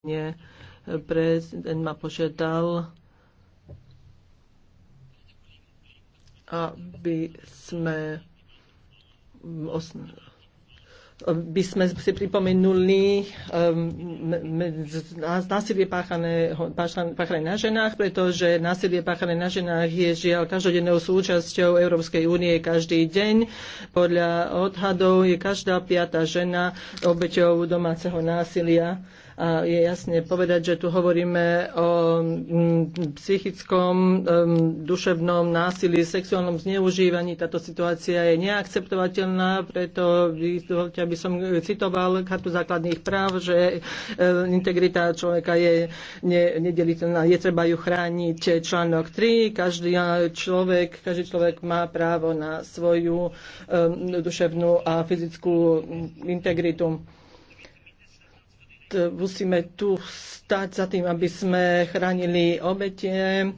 Nie, prezident ma požiadal, aby sme by sme si pripomenuli um, násilie páchané, páchané na ženách, pretože násilie páchané na ženách je žiaľ každodennou súčasťou Európskej únie každý deň. Podľa odhadov je každá piata žena obeťou domáceho násilia je jasne povedať, že tu hovoríme o mm, psychickom, duševnom násilí, sexuálnom zneužívaní. Táto situácia je neakceptovateľná, preto by som citoval kartu základných práv, že integrita človeka je nedeliteľná, je treba ju chrániť. Článok 3, každý človek, každý človek má právo na svoju duševnú a fyzickú integritu musíme tu stať za tým, aby sme chránili obete,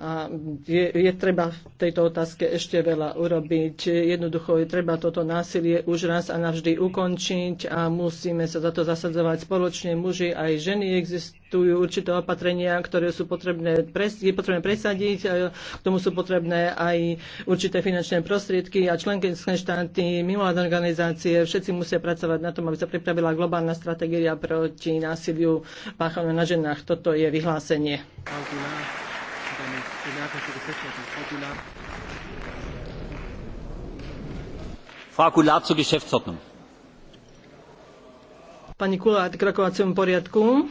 a je, je treba v tejto otázke ešte veľa urobiť. Jednoducho je treba toto násilie už raz a navždy ukončiť a musíme sa za to zasadzovať spoločne. Muži aj ženy existujú určité opatrenia, ktoré sú potrebné, pres, je potrebné presadiť, a k tomu sú potrebné aj určité finančné prostriedky a členské štáty, mimovládne organizácie, všetci musia pracovať na tom, aby sa pripravila globálna stratégia proti násiliu páchanú na ženách. Toto je vyhlásenie. Thank you. Pani Kulát k rokovaciemu poriadku.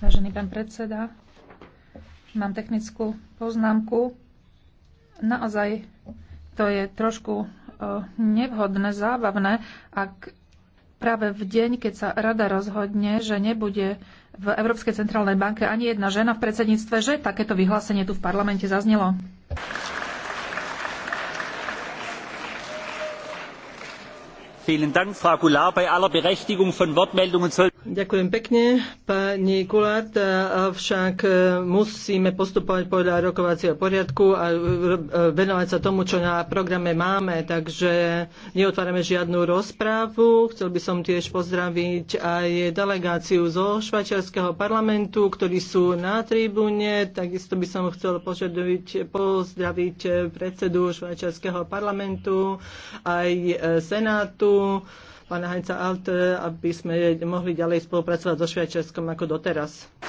Vážený pán predseda, mám technickú poznámku. Naozaj to je trošku e, nevhodné, zábavné, ak práve v deň, keď sa rada rozhodne, že nebude v Európskej centrálnej banke ani jedna žena v predsedníctve, že takéto vyhlásenie tu v parlamente zaznelo. Vielen Dank, Frau Goulart. Bei aller Berechtigung von Wortmeldungen soll Ďakujem pekne, pani Kulár. Avšak e, musíme postupovať podľa rokovacieho poriadku a e, venovať sa tomu, čo na programe máme. Takže neotvárame žiadnu rozprávu. Chcel by som tiež pozdraviť aj delegáciu zo švajčiarského parlamentu, ktorí sú na tribúne. Takisto by som chcel požadoviť, pozdraviť predsedu švajčiarského parlamentu, aj e, senátu pána Heinza Alt, aby sme mohli ďalej spolupracovať so Švajčiarskom ako doteraz.